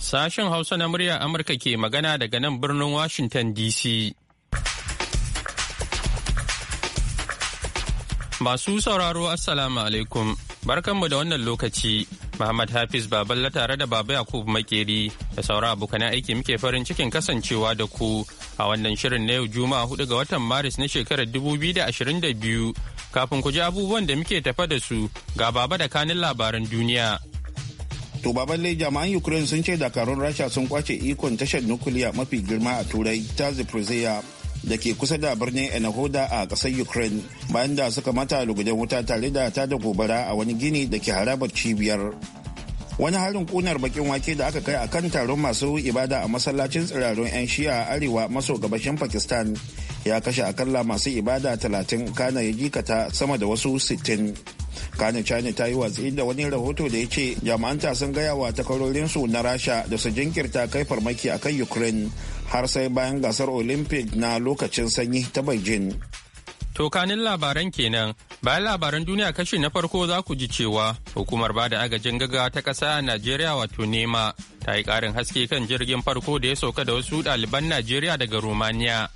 Sashen Hausa na murya Amurka ke magana daga nan birnin Washington DC. Masu sauraro Assalamu alaikum, barkanmu da wannan lokaci. Muhammad Hafiz Baballa tare da Baba Yakubu Makeri da saura abokan aiki muke farin cikin kasancewa da ku a wannan shirin na yau Juma'a hudu ga watan Maris na shekarar 2022 kafin ku ji abubuwan da muke tafa da su ga Baba da kanin labaran duniya. To lai jama'an Ukraine sun ce dakarun Rasha sun kwace ikon tashar nukiliya mafi girma a Turai ta Zaporizhia da ke kusa da birnin Enahoda a kasar Ukraine bayan da suka mata lugudan wuta tare da ta da gobara a wani gini da ke harabar cibiyar. Wani harin kunar bakin wake da aka kai a kan taron masu ibada a masallacin tsirarun 'yan shi'a a arewa maso gabashin Pakistan ya kashe akalla masu ibada talatin kana ya jikata sama da wasu sittin. kana china ta yi watsi da wani rahoto da ya ce jama'anta sun gaya wa takarorinsu na rasha da su jinkirta kai farmaki a kan ukraine har sai bayan gasar olympic na lokacin sanyi ta beijing To kanin labaran kenan bayan labaran duniya kashi na farko za ku ji cewa hukumar bada agajin gaggawa ta kasa a Najeriya wato nema ta yi ƙarin haske kan jirgin farko da ya sauka da wasu ɗaliban Najeriya daga Romania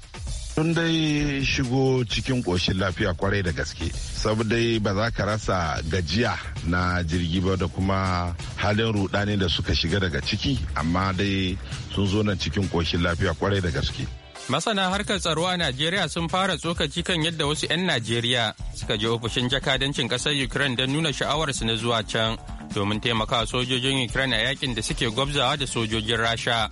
tun dai shigo cikin koshin lafiya kwarai da gaske. Saboda ba za ka rasa gajiya na jirgi ba da kuma halin rudani da suka shiga daga ciki amma dai sun zo nan cikin koshin lafiya kwarai da gaske. Masana harkar tsaro a Najeriya sun fara tsokaci kan yadda wasu 'yan Najeriya suka je ofishin jakadancin ƙasar Ukraine don nuna sha'awarsu na zuwa can domin taimakawa sojojin Ukraine a yakin da suke gwabzawa da sojojin Rasha.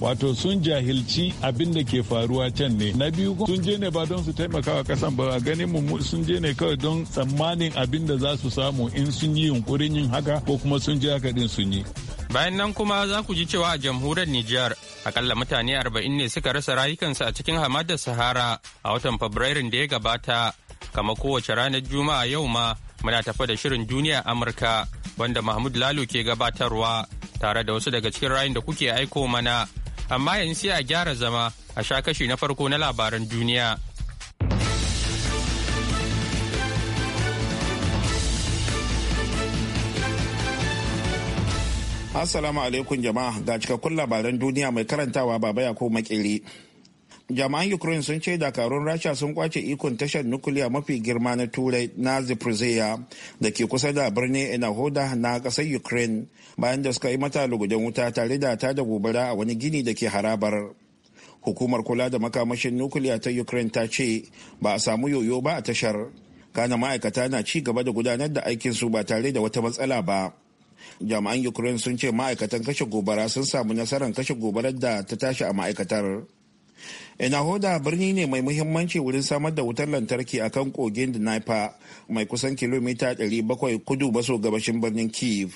wato sun jahilci abin da ke faruwa can ne na biyu sun je ne ba don su taimaka wa kasan ba ganin mu sun je ne kawai don tsammanin abin da za su samu in sun yi yunkurin yin haka ko kuma sun je haka din sun yi bayan nan kuma za ku ji cewa a jamhuriyar Nijar akalla mutane 40 ne suka rasa rayukansu a cikin hamadar Sahara a watan Fabrairun da ya gabata kama kowace ranar Juma'a yau ma muna tafa da shirin duniya Amurka wanda Mahmud Lalo ke gabatarwa tare da wasu daga cikin rayun da kuke aiko mana amma yanzu sai a gyara zama a sha kashi na farko na labaran duniya. Assalamu alaikum jama'a ga cikakkun labaran duniya mai karantawa baba ya ko makeri. jama'an ukraine sun ce dakarun rasha sun kwace ikon tashar nukuliya mafi girma na turai na zaporizhia da ke kusa da birnin inahoda na kasar ukraine bayan da suka yi mata lugudan wuta tare da ta da gobara a wani gini da ke harabar hukumar kula da makamashin nukuliya ta ukraine ta ce ba a samu yoyo ba a tashar kana ma'aikata na ci gaba da gudanar da aikin su ba tare da wata matsala ba jami'an ukraine sun ce ma'aikatan kashe gobara sun samu nasarar kashe gobarar da ta tashi a ma'aikatar Enahoda birni ne mai muhimmanci wurin samar da wutar lantarki a kan kogin Dnaipa mai kusan kilomita 700 kudu maso gabashin birnin Kiev.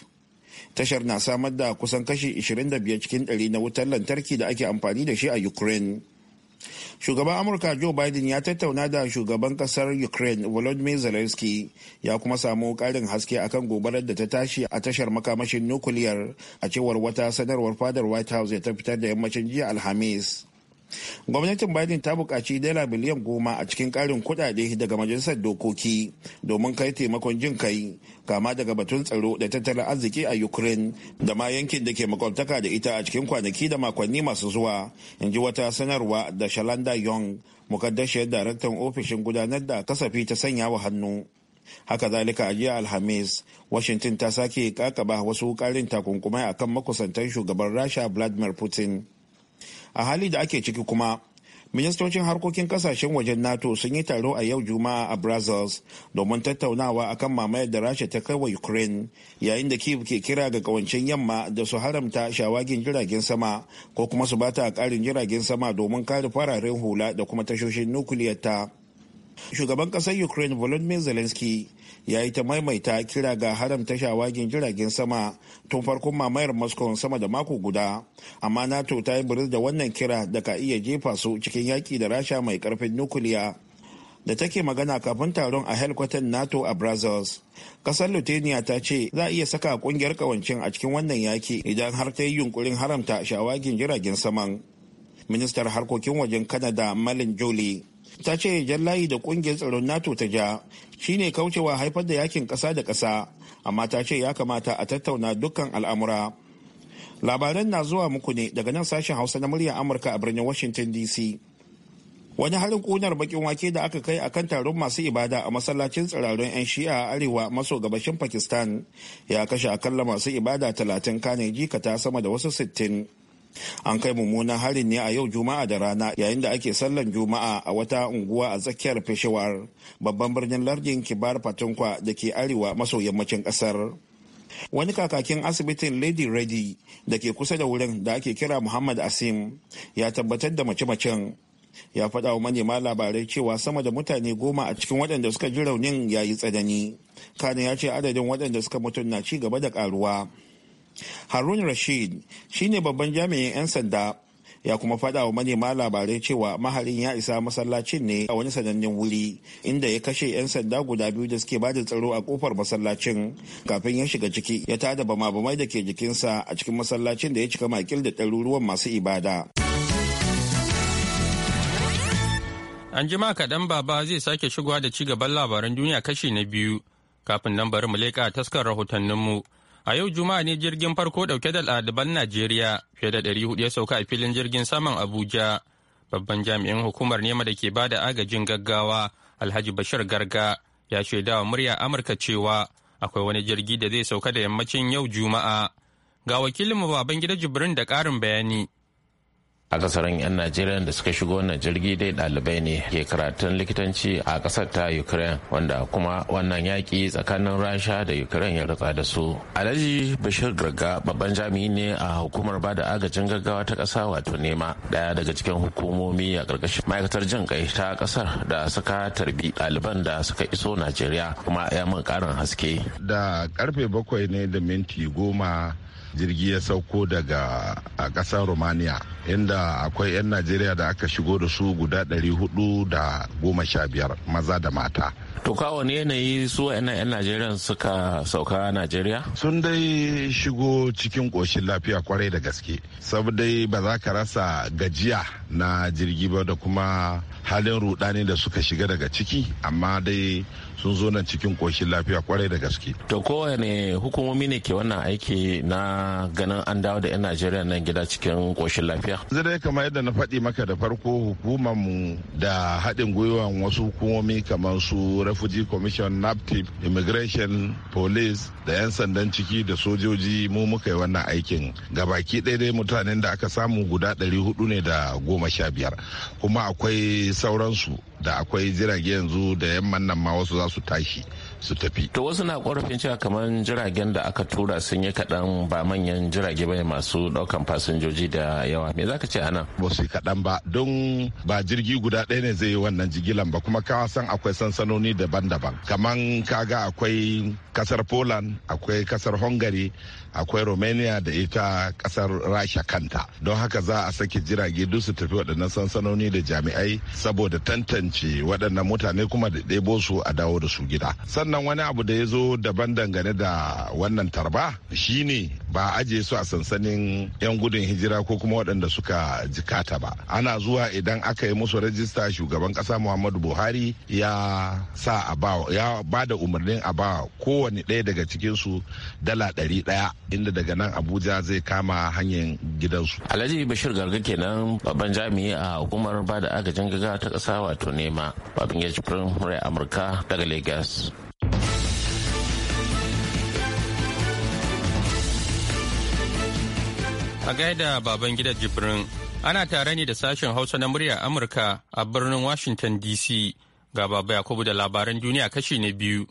Tashar na samar da kusan kashi 25 cikin 100 na wutar lantarki da ake amfani da shi a Ukraine. Shugaban Amurka Joe Biden ya tattauna da shugaban kasar Ukraine Volodymyr Zelensky ya kuma samu ƙarin haske akan gobarar da ta tashi a tashar makamashin nukuliyar a cewar wata sanarwar fadar White House ya ta fitar da yammacin jiya Alhamis. gwamnatin biden ta bukaci dala miliyan goma a cikin ƙarin kuɗaɗe daga majalisar dokoki domin kai taimakon jin kai kama daga batun tsaro da tattalin arziki a ukraine da ma yankin da ke makwabtaka da ita a cikin kwanaki da makonni masu zuwa in ji wata sanarwa da shalanda young mukaddashiyar daraktan ofishin gudanar da kasafi ta sanya wa hannu haka zalika a jiya alhamis washington ta sake kakaba wasu karin takunkumai akan makusantar shugaban rasha vladimir putin a hali da ake ciki kuma ministocin harkokin kasashen wajen nato sun yi taro a yau juma'a a brazils domin tattaunawa akan mamayar da rasha ta kai wa ukraine yayin da kiev ke kira ga kawancen yamma da su haramta shawagin jiragen sama ko kuma su bata a karin jiragen sama domin kare fararen hula da kuma tashoshin nukiliyar ta shugaban kasar ukraine volodymyr zelensky ya yi ta maimaita kira ga haramta shawagin jiragen sama tun farkon mamayar moscow sama da mako guda amma nato ta yi biris da wannan kira da ka iya jefa su cikin yaki da rasha mai karfin nukuliya da take magana kafin taron a helkwatan nato a brazils kasar lithuania ta ce za a iya saka kungiyar kawancin a cikin wannan yaki idan har ta yi yunkurin haramta shawagin jiragen saman ministar harkokin wajen canada malin jolie ta ce layi da kungiyar tsaron nato ta ja shine kaucewa haifar da yakin kasa da kasa amma ta ce ya kamata a tattauna dukkan al'amura labaran na zuwa muku ne daga nan sashen hausa na muryar amurka a birnin washington dc wani harin kunar bakin wake da aka kai akan taron masu ibada a masallacin tsirarun 'yan shi'a a arewa maso gabashin pakistan ya kashe akalla masu ibada talatin kane jikata sama da wasu sittin. an kai mummunan harin ne a yau juma'a da rana yayin da ake sallan juma'a a wata unguwa a tsakiyar peshawar babban birnin lardin kibar fatankwa da ke arewa maso yammacin kasar wani kakakin asibitin lady ready da ke kusa da wurin da ake kira muhammad asim ya tabbatar da mace-macen ya faɗa wa manema labarai cewa sama da mutane goma a cikin waɗanda suka ji raunin yayi tsanani kane ya ce adadin waɗanda suka mutu na ci gaba da ƙaruwa harun rashid ne babban jami'in 'yan sanda ya kuma faɗa wa manema labarai cewa maharin ya isa masallacin ne a wani sanannen wuri inda ya kashe 'yan sanda guda biyu da suke bada tsaro a kofar masallacin kafin ya shiga ciki ya tada bama-bamai da ke jikinsa a cikin masallacin da ya cika makil da ɗaruruwan masu ibada. An kaɗan baba zai sake shigowa da ci gaban labaran duniya kashi na biyu kafin nan bari mu leƙa taskar rahotanninmu. mu. A yau Juma'a ne jirgin farko ɗauke da ɗaliban Najeriya fiye da ɗari hudu ya sauka a filin jirgin saman Abuja. Babban jami'in hukumar nema da ke bada agajin gaggawa Alhaji Bashir Garga ya shaidawa murya Amurka cewa akwai wani jirgi da zai sauka da yammacin yau Juma'a. Ga wakilinmu Babangida Jibrin da ƙarin bayani. a kasarin 'yan najeriya da suka shigo wannan jirgi dai dalibai ne ke karatun likitanci a kasar ta ukraine wanda kuma wannan yaƙi tsakanin rasha da ukraine ya ratsa da su alhaji bashir garga babban jami'i ne a hukumar bada agajin gaggawa ta kasa wato nema ɗaya daga cikin hukumomi a ƙarƙashin. ma'aikatar jin kai ta kasar da suka tarbi ɗaliban da suka iso najeriya kuma ya mun ƙarin haske da karfe bakwai ne da minti goma jirgi ya sauko daga a ƙasar romania inda akwai 'yan najeriya da aka shigo da su guda 415 maza da mata To kawo ne yanayi su wa'ina 'yan Najeriya suka sauka Najeriya? Sun dai shigo cikin ƙoshin lafiya kwarai da gaske. Saboda ba za ka rasa gajiya na jirgi ba da kuma halin rudani da suka shiga daga ciki amma dai sun zo nan cikin ƙoshin lafiya kwarai da gaske. To kowane hukumomi ne ke wannan aiki na ganin an dawo da 'yan Najeriya nan gida cikin ƙoshin lafiya? Zai kamar yadda na faɗi maka da farko hukumar mu da haɗin gwiwa wasu hukumomi kamar su refugee commission naptip immigration police da 'yan sandan ciki da sojoji mu muka yi wannan aikin gabaki ɗaya dai mutanen da aka samu guda 400 ne da goma sha biyar kuma akwai sauransu da akwai jirage yanzu da yamman nan ma wasu za su tashi su tafi. To wasu na korafin cewa kamar jiragen da aka tura sun yi kaɗan ba manyan jirage bane masu ɗaukan fasinjoji da yawa. Me zaka ce anan? Ba su kadan kaɗan ba don ba jirgi guda ɗaya ne zai yi wannan jigilan ba kuma ka san akwai sansanoni daban-daban. Kaman kaga akwai kasar Poland, akwai kasar Hungary, akwai romania da ita kasar rasha kanta don haka za a sake jirage duk su tafi waɗannan sansanoni da jami'ai saboda tantance waɗannan mutane kuma da ɗebo su a dawo da su gida sannan wani abu da ya zo daban dangane da wannan tarba shine ba a ajiye su a sansanin 'yan gudun hijira ko kuma waɗanda suka jikata ba ana zuwa idan aka yi musu rajista shugaban ƙasa muhammadu buhari ya sa a ba ya ba da umarnin a ba kowane ɗaya daga cikinsu dala ɗari ɗaya inda daga nan abuja zai kama hanyar gidansu alhaji bashir garga kenan babban jami'i a hukumar ba da agajin gaggawa ta ƙasa wato nema babin ya amurka daga lagos A gaida baban gida Jibrin, ana tare ne da sashen Hausa na murya Amurka a birnin Washington DC ga baba Yakubu da labaran duniya kashi na biyu.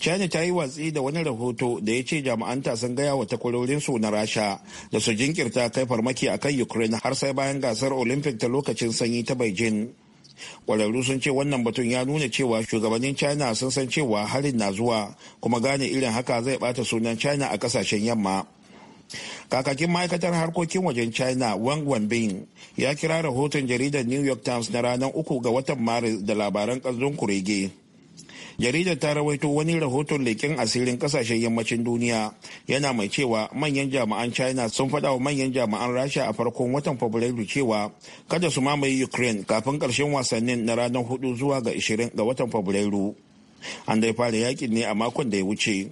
China ta yi watsi da wani rahoto da ya ce jami'anta sun gaya wa takwarorinsu na Rasha da su jinkirta kai farmaki a kan Ukraine har sai bayan gasar Olympic ta lokacin sanyi ta Beijing. Kwararru sun ce wannan batun ya nuna cewa shugabannin China sun san cewa harin na zuwa kuma gane irin haka zai bata sunan China a kasashen yamma. kakakin ma'aikatar harkokin wajen china wang wanbin ya kira rahoton jaridar new york times na ranar uku ga watan maris da labaran ƙanzon kurege jaridar ta rawaito wani rahoton leƙen asirin ƙasashen yammacin duniya yana mai cewa manyan jami'an china sun faɗa wa manyan jami'an rasha a farkon watan fabrairu cewa kada su mamaye ukraine kafin ƙarshen wasannin na ranar 4 zuwa ga 20 ga watan fabrairu an dai fara yakin ne a makon da ya wuce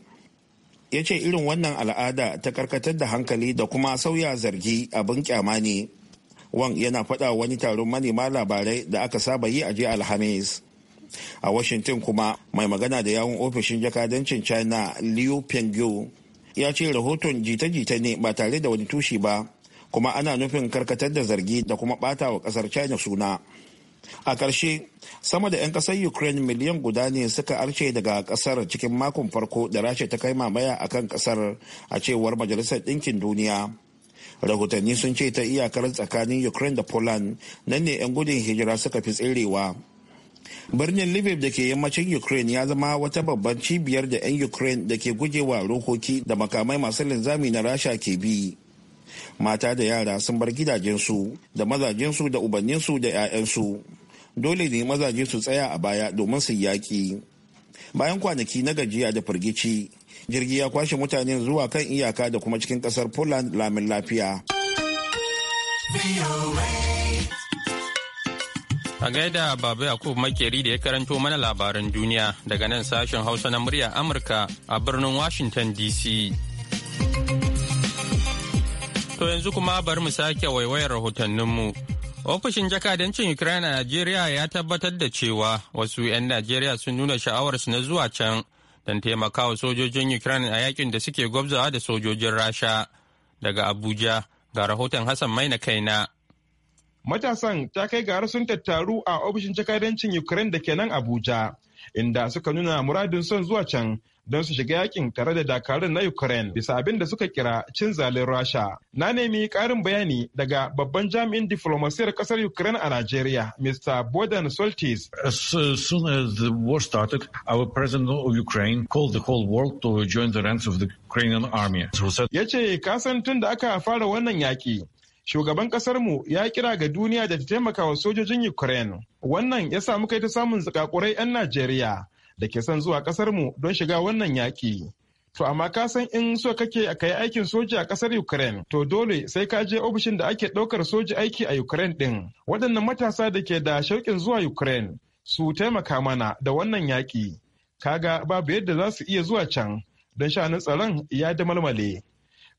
ya ce irin wannan al'ada ta karkatar da hankali da kuma sauya zargi abin kyama ne wang yana faɗa wani taron manema labarai da aka saba yi a jiya alhamis a washington kuma mai magana da yawun ofishin jakadancin china liu pengyu ya ce rahoton jita-jita ne ba tare da wani tushe ba kuma ana nufin karkatar da zargi da kuma ɓata wa ƙasar china suna a ƙarshe sama da 'yan ƙasar ukraine miliyan guda ne suka arce daga ƙasar cikin makon farko da rasha ta kai mamaya a kan ƙasar a cewar majalisar ɗinkin duniya rahotanni sun ce ta iyakar tsakanin ukraine da poland nan ne 'yan gudun hijira suka fi tserewa birnin lviv da ke yammacin ukraine ya zama wata babban cibiyar da 'yan ukraine da ke gujewa rokoki da makamai masu linzami na rasha ke bi mata da yara sun bar gidajensu da mazajensu da ubanninsu da 'ya'yansu dole ne mazaje su tsaya a baya domin su yaƙi bayan kwanaki na gajiya da firgici jirgi ya kwashe mutane zuwa kan iyaka da kuma cikin kasar poland lamin lafiya a gaida babu yakub makeri da ya karanto mana labaran duniya daga nan sashen hausa na murya amurka a birnin washington dc To yanzu kuma bari mu sake waiwayar rahotanninmu. Ofishin jakadancin Ukraine a Najeriya ya tabbatar da cewa wasu 'yan Najeriya sun nuna sha'awarsu na zuwa can don taimakawa sojojin Ukraine a yakin da suke gwabzawa da sojojin Rasha. Daga Abuja ga rahoton Hassan mai Maina kaina. Matasan ta kai ga sun tattaru a ofishin jakadancin Ukraine da ke nan Abuja, inda suka nuna muradin son zuwa can don su shiga yakin tare da dakarun na Ukraine bisa abin da suka kira cin zalin Rasha. Na nemi ƙarin bayani daga babban jami'in diflomasiyar ƙasar Ukraine a Najeriya, Mr. Bodan Soltis. As uh, soon as the war started, our president of Ukraine called the whole world to join the ranks of the Ukrainian army. Ya ce, kasan tun da aka fara wannan yaƙi, shugaban ƙasarmu ya kira ga duniya da ta taimaka wa sojojin Ukraine. Wannan ya sa muka yi ta samun zakakurai 'yan Najeriya da ke son zuwa kasar mu don shiga wannan yaki to amma ka san in so kake a kai aikin soja a kasar Ukraine to dole sai ka je ofishin da ake ɗaukar soja aiki a Ukraine ɗin. waɗannan matasa da ke da shauƙin zuwa Ukraine su taimaka mana da wannan yaki kaga babu yadda za su iya zuwa can don sha'anin tsaron ya da damalmale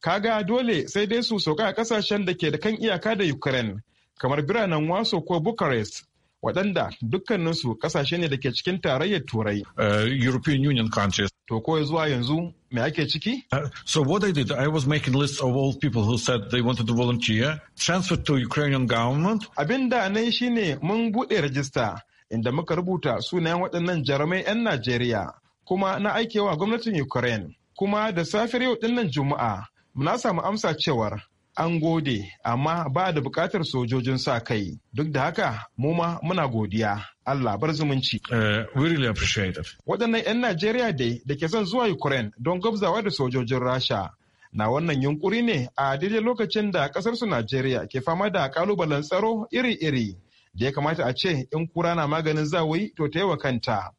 kaga dole sai dai su soka a ƙasashen da ke da kan iyaka da Ukraine kamar biranen Waso ko Bucharest waɗanda dukkaninsu kasashe ne da ke cikin tarayyar turai. Uh, European Union countries. To ko zuwa yanzu me ake ciki? Uh, so what I did, I was making lists of all people who said they wanted to volunteer, transfer to Ukrainian government. Abin da nan shine mun buɗe rajista inda muka rubuta sunayen waɗannan jarumai 'yan Najeriya kuma na aikewa gwamnatin Ukraine. Kuma da safiyar yau ɗinnan Juma'a, muna samu amsa cewar an gode amma ba da bukatar sojojin sa kai duk da haka mu ma muna godiya Allah bar zumunci. Uh, we really appreciate it. Waɗannan 'yan Najeriya dai da ke son zuwa Ukraine don gabzawa da sojojin Rasha na wannan yunkuri ne a daidai lokacin da ƙasarsu Najeriya ke fama da ƙalubalen tsaro iri-iri da ya kamata a ce in kura na maganin zawayi to ta yi wa kanta.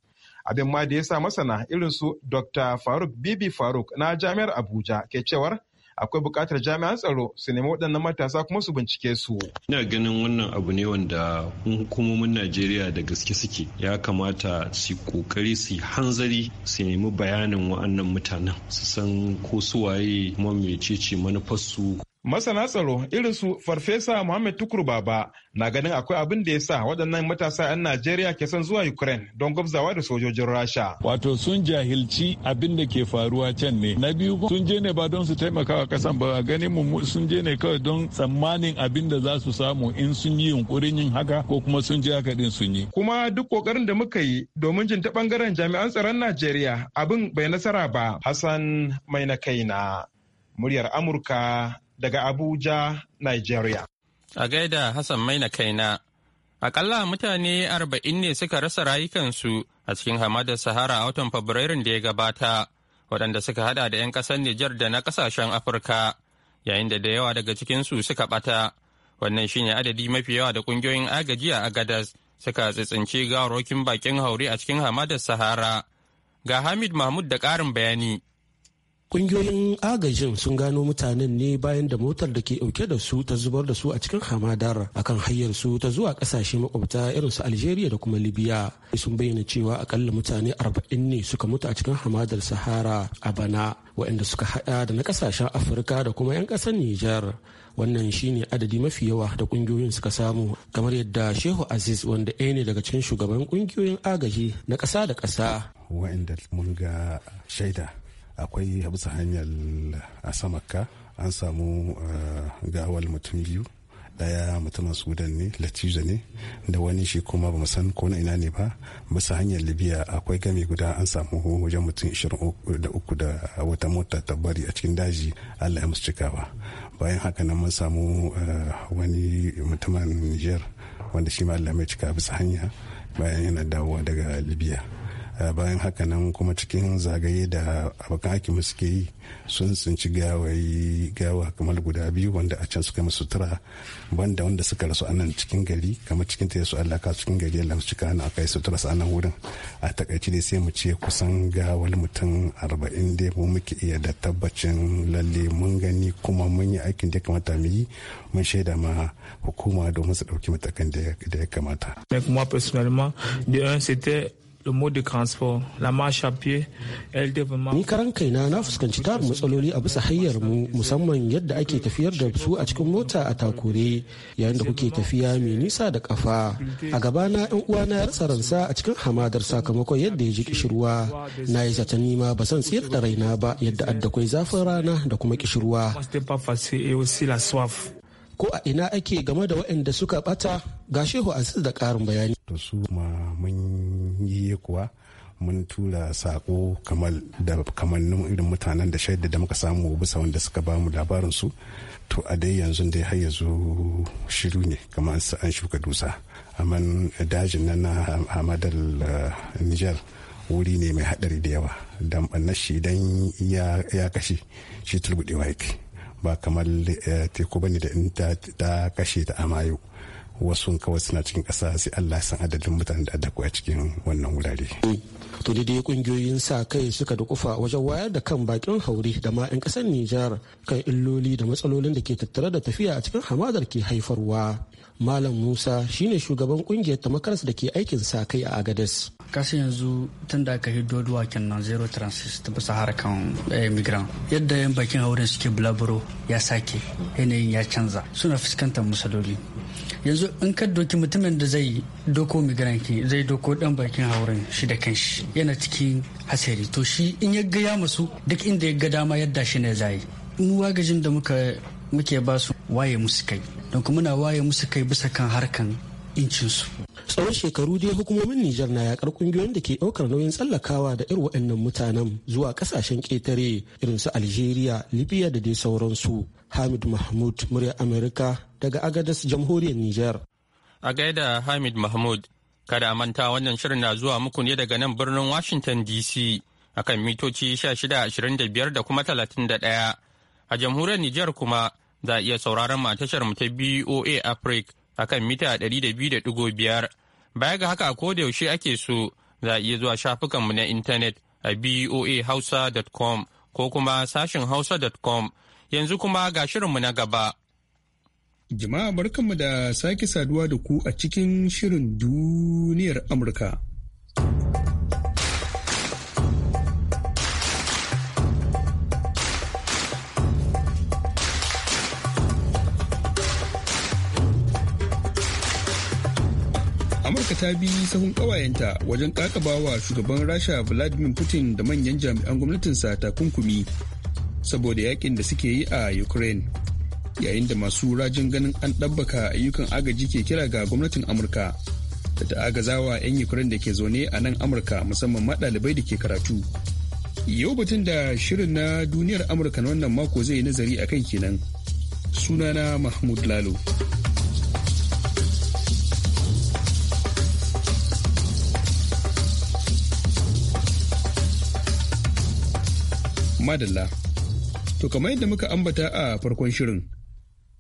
Abin ma da ya sa masana irin su Dr. Faruk Bibi Faruk na Jami'ar Abuja ke cewar akwai buƙatar jami'an tsaro su nemi waɗannan matasa kuma su bincike su. Ina ganin wannan abu ne wanda hukumomin Najeriya da gaske suke ya kamata su kokari su hanzari su nemi bayanin wa'annan mutanen su san ko su waye kuma mecece manufarsu. Masana tsaro irin su Farfesa Muhammad Tukur Baba na ganin akwai abin da ya sa waɗannan matasa 'yan Najeriya ke son zuwa Ukraine don gwabzawa da sojojin Rasha. Wato sun jahilci abin da ke faruwa can ne. Na biyu sun je ne ba don su taimaka wa ƙasan ba a ganin mu sun je ne kawai don tsammanin abin da za su samu in sun yi yunkurin yin haka ko kuma sun je haka din sun yi. Kuma duk ƙoƙarin da muka yi domin jin ta ɓangaren jami'an tsaron Najeriya abin bai nasara ba. Hassan mai na kaina. Muryar Amurka daga Abuja, Nigeria. A gaida Hassan Maina kaina. Akalla mutane arba'in ne suka rasa rayukansu a cikin hamadar Sahara a watan Fabrairun da ya gabata, waɗanda suka hada da 'yan ƙasar Nijar da na ƙasashen Afirka, yayin da da yawa daga cikinsu suka ɓata. Wannan shi ne adadi mafi yawa da ƙungiyoyin agaji a Agadas suka tsitsince gawarwakin bakin haure a cikin hamadar Sahara. Ga Hamid Mahmud da ƙarin bayani. Ƙungiyoyin agajin sun gano mutanen ne bayan da motar da ke ɗauke da su ta zubar da su a cikin hamadar akan hanyar su ta zuwa ƙasashe makwabta irin su Algeria da kuma Libya. Sun bayyana cewa akalla mutane arba'in ne suka mutu a cikin hamadar Sahara a bana waɗanda suka haɗa da na ƙasashen Afirka da kuma 'yan ƙasar Nijar. wannan shine adadi mafi yawa da ƙungiyoyin suka samu kamar yadda shehu aziz wanda ɗaya ne daga cikin shugaban ƙungiyoyin agaji na ƙasa da ƙasa wa'inda mun ga shaida akwai bisa hanyar a samakka an samu eh, gawal mutum biyu daya mutumin sudan ne latijo ne da wani shi kuma ba san ko na ina ne ba bisa hanyar libya akwai game guda an samu wajen mutum 23 da wata mota ta bari a cikin daji allah ya musu cikawa bayan haka nan mun samu eh, wani mutumin niger wanda shi ma allah mai cika bisa hanya bayan yana dawowa daga libya bayan haka nan kuma cikin zagaye da abokan musu suke yi sun tsinci gawayi gawa kamar guda biyu wanda a can suka musu tura banda wanda suka rasu a nan cikin gari kamar cikin ta yasu allaka cikin gari ya su cika nan aka yi sutura a nan wurin a takaice dai sai mu ce kusan gawar mutum arba'in dai mu muke iya da tabbacin lalle mun gani kuma mun yi aikin da ya kamata mu yi mun shaida ma hukuma domin su ɗauki matakan da ya kamata. Mais moi personnellement, de le mode de transport, la marche à pied, elle Ni karan kaina na fuskanci tarin matsaloli a bisa hanyar mu musamman yadda ake tafiyar da su a cikin mota a takure yayin da kuke tafiya mai nisa da kafa. A gaba na yan uwa na rasa ransa a cikin hamadar sakamakon yadda ya ji kishirwa. Na yi zata nima ba san tsira da raina ba yadda addakwai zafin rana da kuma kishirwa. ko a ina ake game da waɗanda suka bata ga shehu aziz da ƙarin bayani. da su ma mun yi kuwa mun tura sako kamar da kamannin irin mutanen da shaida da muka samu bisa wanda suka bamu labarin su to a dai yanzu dai har yanzu shiru ne kamar an shuka dusa amma dajin nan na hamadar eh, niger wuri ne mai hadari da yawa dan bannan shi idan ya kashe shi turbudewa yake ba kamar eh, teku bane da in ta kashe ta amayo wasu kawai suna cikin ƙasa sai Allah san adadin mutanen da addakwai a cikin wannan wurare. To dai kungiyoyin sa kai suka da kufa wajen wayar da kan bakin haure da ma 'yan ƙasar Nijar kan illoli da matsalolin da ke tattare da tafiya a cikin hamadar ke haifarwa. Malam Musa shine shugaban kungiyar tamakarsa da ke aikin sa kai a Agadez. Kasu yanzu tun da aka hiddo duwakin nan zero transit ta bisa harkan eh, yadda yan bakin hauren suke bulaburo ya sake yanayin ya canza suna fuskantar matsaloli yanzu in ka doki mutumin da zai doko migranti zai doko dan bakin hauren shi da kanshi yana cikin hasari to shi in ya gaya masu duk inda ya ga dama yadda shi ne zai mu wagajin da muke ba su waye musu kai don kuma muna waye musu kai bisa kan harkan su. tsawon shekaru dai hukumomin Nijar na yakar kungiyoyin da ke ɗaukar nauyin tsallakawa da irin waɗannan mutanen zuwa kasashen ƙetare irin su Algeria, Libya da dai sauransu. Hamid Mahmud murya Amerika daga Agadas jamhuriyar Nijar. A gaida Hamid Mahmud, kada a manta wannan shirin na zuwa muku ne daga nan birnin Washington DC akan mitoci shida 1625 da kuma talatin da 31. A jamhuriyar Nijar kuma za a iya sauraron mu a tashar mu ta BOA Africa akan mita 200.5 baya ga haka ko da yaushe ake so za a iya zuwa shafukanmu na intanet a boahausa.com ko kuma sashin hausa.com yanzu kuma ga shirinmu na gaba. Jama'a barkanmu da sake saduwa da ku a cikin shirin duniyar Amurka. ta bi sahun kawayenta wajen kakabawa shugaban rasha vladimir putin da manyan jami'an gwamnatinsa takunkumi saboda yakin da suke yi a ukraine yayin da masu rajin ganin an ɗabbaka ayyukan agaji ke kira ga gwamnatin amurka da ta agazawa 'yan ukraine da ke zaune a nan amurka musamman maɗalibai da ke karatu yau batun da shirin na duniyar amurka na wannan mako zai nazari akan kenan sunana mahmud lalo madalla. To kamar yadda muka ambata a farkon shirin,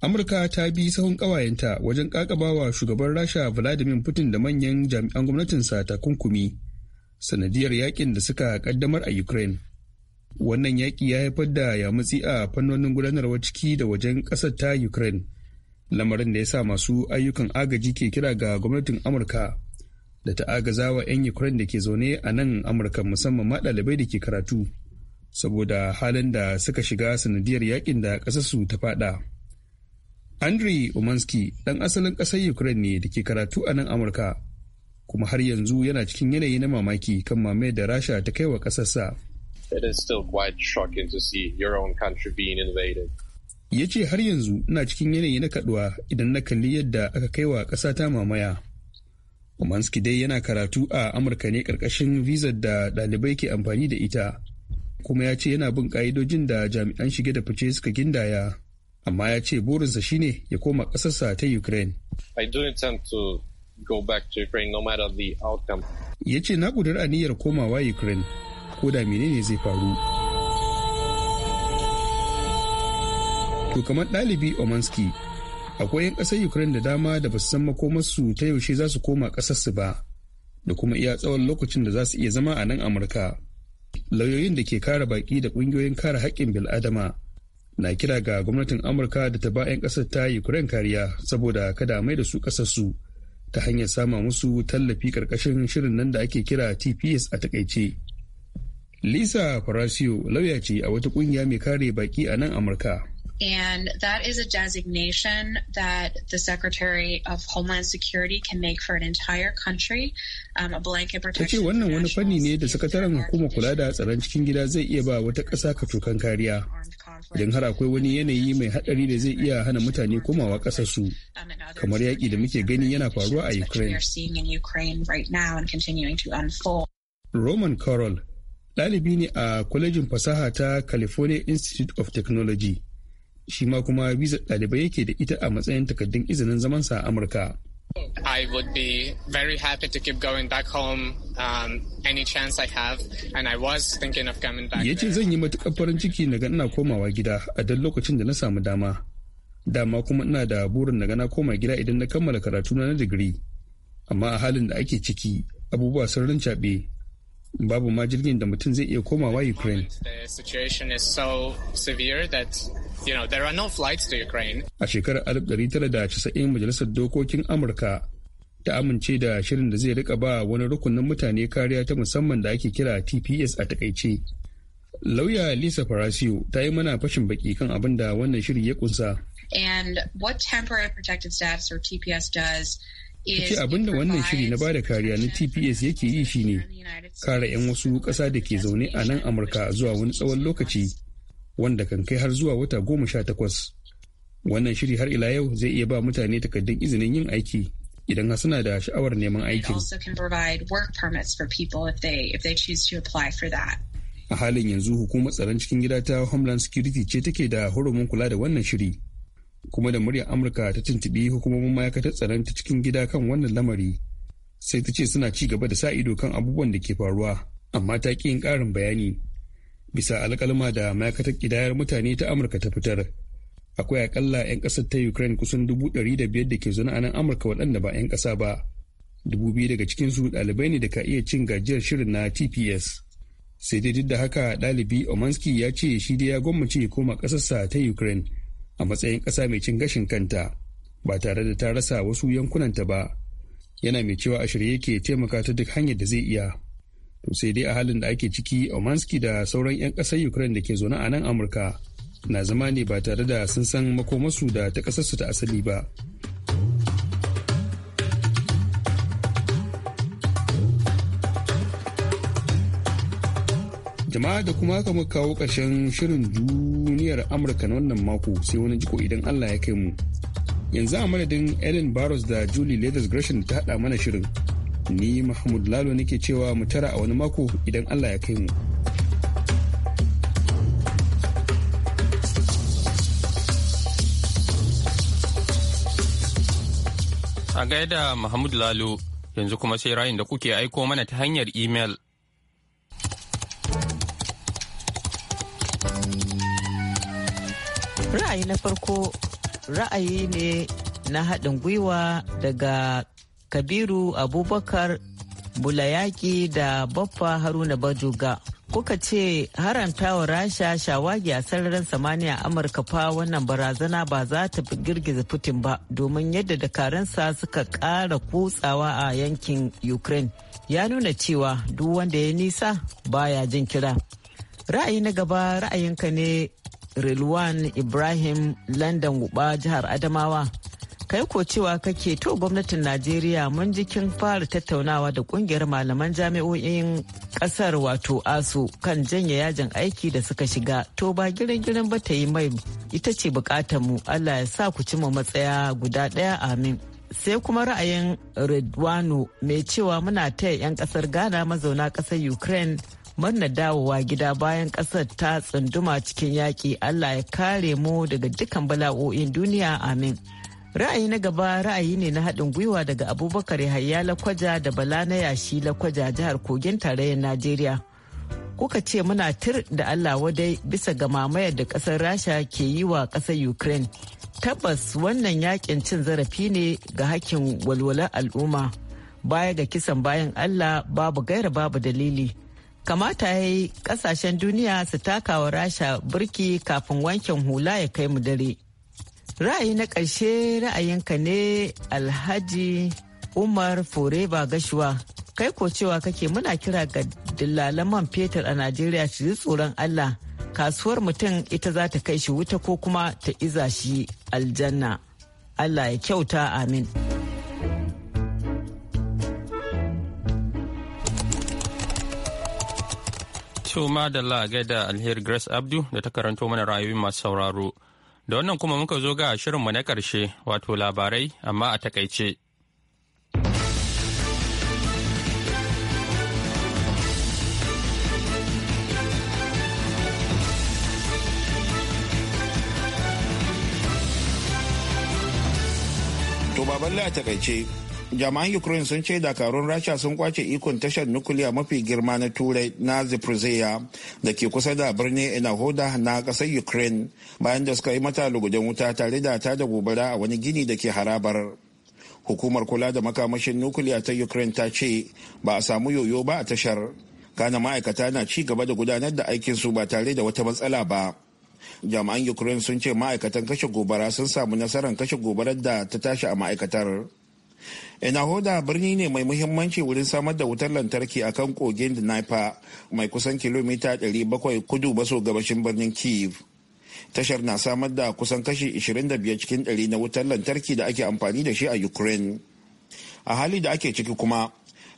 Amurka ta bi sahun ƙawayenta wajen ƙaƙabawa shugaban Rasha Vladimir Putin da manyan jami'an gwamnatinsa kunkumi sanadiyar yakin da suka ƙaddamar a Ukraine. Wannan yaƙi ya haifar da yamutsi a fannonin gudanarwa ciki da wajen ƙasar ta Ukraine, lamarin da ya sa masu ayyukan agaji ke kira ga gwamnatin Amurka da ta agazawa 'yan Ukraine da ke zaune a nan Amurka musamman ma ɗalibai da ke karatu. saboda halin da suka shiga sanadiyar yakin da ƙasarsu ta faɗa. Andriy umanski ɗan asalin ƙasar Ukraine ne da ke karatu a nan Amurka kuma har yanzu yana cikin yanayi na mamaki kan mame da Rasha ta kai wa ƙasarsa. Ya ce har yanzu ina cikin yanayi na kaduwa idan na kalli yadda aka kai wa ƙasata mamaya. umanski dai yana karatu a Amurka ne ƙarƙashin vizar da ɗalibai ke amfani da ita. kuma ya ce yana bin ƙa'idojin da jami'an shige da fice suka gindaya amma ya ce burinsa shine ya koma ƙasarsa ta ukraine ya ce na ƙudur aniyar komawa ukraine ko da menene zai faru to kamar ɗalibi omanski akwai 'yan ƙasar ukraine da dama da ba su san makomarsu ta yaushe za su koma ƙasarsu ba da kuma iya tsawon lokacin da za su iya zama a nan amurka lauyoyin da ke kare baki da ƙungiyoyin kare haƙƙin bil'adama na kira ga gwamnatin amurka da ta ba 'yan ƙasar ta ukraine kariya saboda kada mai da su ƙasarsu ta hanyar sama musu tallafi ƙarƙashin shirin nan da ake kira tps a takaice lisa farasio lauya ce a wata ƙungiya mai kare baki a nan amurka And that is a designation that the Secretary of Homeland Security can make for an entire country, um, a blanket protection. Tace wannan wani fanni ne da sakataren hukumar kula da tsaron cikin gida zai iya ba wata ƙasa katukan kariya. Idan har akwai wani yanayi mai haɗari da zai iya hana mutane komawa ƙasarsu, kamar yaƙi da muke gani yana faruwa a Ukraine. Roman Coral, ɗalibi ne a kwalejin fasaha ta California Institute of Technology. shi ma kuma visa ɗalibai yake da ita a matsayin takardun izinin zamansa a Amurka. I would be very happy to keep going back home um, any chance I have, and I was thinking of coming back. Ya zan yi matukar farin ciki na ina komawa gida a duk lokacin da na samu dama. Dama kuma ina da burin na gana koma gida idan na kammala karatu na digiri. Amma a halin da ake ciki, abubuwa sun rincaɓe babu ma jirgin da mutum zai iya komawa Ukraine. A shekarar 1990 Majalisar Dokokin Amurka ta amince da shirin da zai rika ba wani rukunin mutane kariya ta musamman da ake kira TPS a takaice. Lauya Lisa Farasio ta yi mana fashin baki kan abin da wannan shiri ya kunsa. And what temporary protective status or TPS does ce abin da wannan shiri na bada kariya na tps yake yi shine kare 'yan wasu ƙasa da ke zaune a nan amurka zuwa wani tsawon lokaci wanda kan kai har zuwa wata goma sha takwas wannan shiri har ila yau zai iya ba mutane takardun izinin yin aiki idan ha suna da sha'awar neman aikin a halin yanzu hukumar tsaron cikin gida ta homeland security ce take da hurumin kula da wannan shiri kuma da muryar amurka ta tuntubi hukumomin ma'aikatar tsaron ta cikin gida kan wannan lamari sai ta ce suna ci gaba da sa ido kan abubuwan da ke faruwa amma ta ƙi yin ƙarin bayani bisa alƙalma da ma'aikatar ƙidayar mutane ta amurka ta fitar akwai akalla 'yan ƙasar ta ukraine kusan dubu ɗari da biyar da ke zaune a nan amurka waɗanda ba 'yan ƙasa ba dubu biyu daga cikinsu ɗalibai ne da ka iya cin gajiyar shirin na tps sai dai duk da haka ɗalibi omanski ya ce shi dai ya gwammace koma ƙasarsa ta ukraine a matsayin ƙasa mai cin gashin kanta ba tare da ta rasa wasu yankunanta ba yana mai cewa a shirye yake taimaka ta duk hanyar da zai iya to sai dai a halin da ake ciki omanski da sauran 'yan ƙasar ukraine da ke zaune a nan amurka na zama ne ba tare da sun san makomarsu da ta ƙasarsu ta asali ba jama'a da kuma haka muka kawo ƙarshen shirin duniyar amurka na wannan mako sai wani jiko idan allah ya kai mu yanzu a madadin ellen barros da julie leathers gresham ta haɗa mana shirin ni mahmud lalo nake cewa mu tara a wani mako idan allah ya kai mu a gaida mahmud lalo yanzu kuma sai ra'ayin da kuke aiko mana ta hanyar imel. Ra'ayi na farko ra'ayi ne na haɗin gwiwa daga Kabiru Abubakar Bulayaki da Baffa Haruna Bajuga. Kuka ce haramtawa rasha shawagi a sararin samaniya Amurka fa wannan barazana ba za ta girgiza Putin ba domin yadda dakaransa suka ƙara kutsawa a yankin Ukraine. Ya nuna cewa duk wanda ya nisa baya jin kira. Ra'ayi na gaba ra'ayinka ne relwan Ibrahim London Guba jihar Adamawa. Kai ko cewa kake to gwamnatin Najeriya mun ji kin fara tattaunawa da kungiyar malaman jami'o'in kasar wato ASU kan janye yajin aiki da suka shiga to ba girin-girin ba ta yi mai ita ce mu Allah ya sa ku ci mu matsaya guda ɗaya amin. sai kuma ra'ayin Redwano mai cewa muna taya 'yan kasar Ghana mazauna kasar Ukraine manna dawowa gida bayan ƙasar ta tsunduma cikin yaƙi Allah ya kare mu daga dukkan bala'o'in duniya amin. Ra'ayi na gaba ra'ayi ne na haɗin gwiwa daga Abubakar Yahaya Lakwaja da Bala na yashi Lakwaja jihar Kogin tarayyar Najeriya. Kuka ce muna tir da Allah wadai bisa ga mamayar da ƙasar Rasha ke yi wa ƙasar Ukraine. Tabbas wannan yakin cin zarafi ne ga hakkin walwalar al'umma. Baya ga kisan bayan Allah babu gaira babu dalili. kamata ya yi kasashen duniya su taka wa rasha burki kafin wankin hula ya kai mu dare ra'ayi na ƙarshe ra'ayinka ne alhaji umar foreba gashuwa kai ko cewa kake muna kira ga dillalan man fetur a najeriya su ji tsoron allah kasuwar mutum ita za ta kai shi wuta ko kuma ta iza shi aljanna allah ya kyauta amin. To madalla gaida alheri Grace Abdu da ta karanto mana ra'ayoyin masu sauraro. Da wannan kuma muka zo ga shirinmu na ƙarshe wato labarai amma a takaice. To baballe a takaice jami'an ukraine sun ce dakarun rasha sun kwace ikon tashar nukuliya mafi girma na turai na zaporizhia da ke kusa da birnin inahoda na kasar ukraine bayan da suka yi mata lugudan wuta tare da ta da gobara a wani gini da ke harabar hukumar kula da makamashin nukuliya ta ukraine ta ce ba a samu yoyo ba a tashar kana ma'aikata na ci gaba da gudanar da aikin su ba tare da wata matsala ba jami'an ukraine sun ce ma'aikatan kashe gobara sun samu nasarar kashe gobarar da ta tashi a ma'aikatar Enahoda birni ne mai muhimmanci wurin samar da wutar lantarki a kan kogin Dnipro mai kusan kilomita 700 kudu maso gabashin birnin Kiev. Tashar na samar da kusan kashi 25 cikin 100 na wutar lantarki da ake amfani da shi a Ukraine. A hali da ake ciki kuma,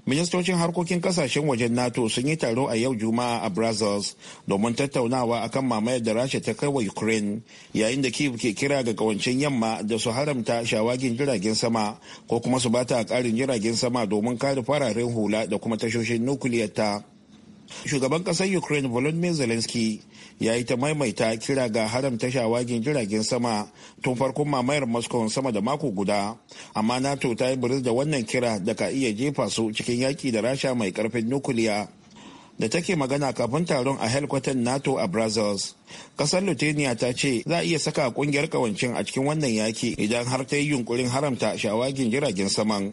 ministocin harkokin kasashen wajen nato sun yi taro a yau juma'a a brussels domin tattaunawa akan mamayar da rasha ta kai wa ukraine yayin da kiev ke kira ga kawancin yamma da su haramta shawagin jiragen sama ko kuma su bata a karin jiragen sama domin kare fararen hula da kuma tashoshin nukiliyar ta shugaban kasar ukraine volodymyr zelensky ya yi ta maimaita kira ga haramta shawagin jiragen sama tun farkon mamayar moscow sama da mako guda amma nato ta yi biris da wannan kira da ka iya jefa su cikin yaki da rasha mai karfin nukuliya da take magana kafin taron a helkwatan nato a brazils kasar lithuania ta ce za a iya saka kungiyar kawancin a cikin wannan yaki idan har ta yi yunkurin haramta shawagin jiragen saman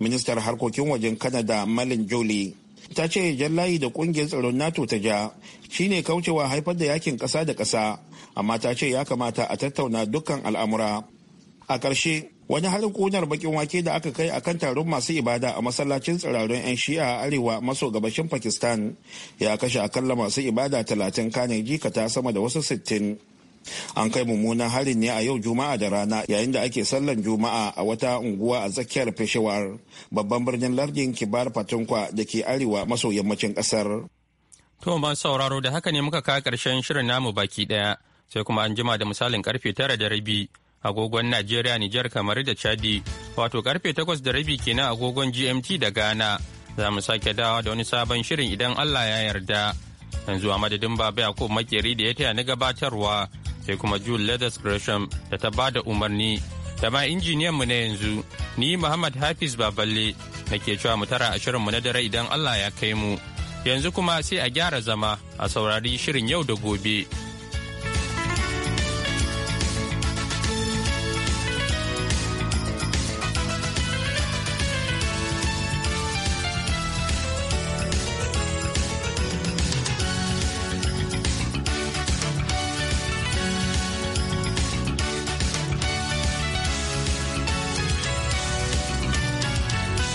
ministar harkokin wajen canada malin jolie ta ce layi da kungiyar tsaron nato ta ja shine kaucewa haifar da yakin kasa da kasa amma ta ce ya kamata a tattauna dukkan al'amura a ƙarshe wani harin kunar bakin wake da aka kai akan taron masu ibada a masallacin tsirarun 'yan shi'a a arewa maso gabashin pakistan ya kashe akalla masu ibada talatin kanin jikata sama da wasu sittin An kai mummunan harin ne a yau Juma'a da rana yayin da ake sallan Juma'a a wata unguwa a tsakiyar Peshawar, babban birnin lardin Kibar Fatunkwa da ke arewa maso yammacin kasar. To ban sauraro da haka ne muka kawo karshen shirin namu baki daya sai kuma an jima da misalin karfe tara da rabi agogon Najeriya Nijar kamar da Chadi wato karfe takwas da rabi kenan agogon GMT da Ghana za mu sake dawa da wani sabon shirin idan Allah ya yarda yanzu a madadin Baba Yakubu Makeri da ya taya na gabatarwa sai kuma Jule Leathers Gresham da ta ba da umarni da ma injiniyan mu na yanzu ni Muhammad Hafiz Baballe na ke cewa mu tara ashirin mu na dare idan Allah ya kai mu yanzu kuma sai a gyara zama a saurari shirin yau da gobe.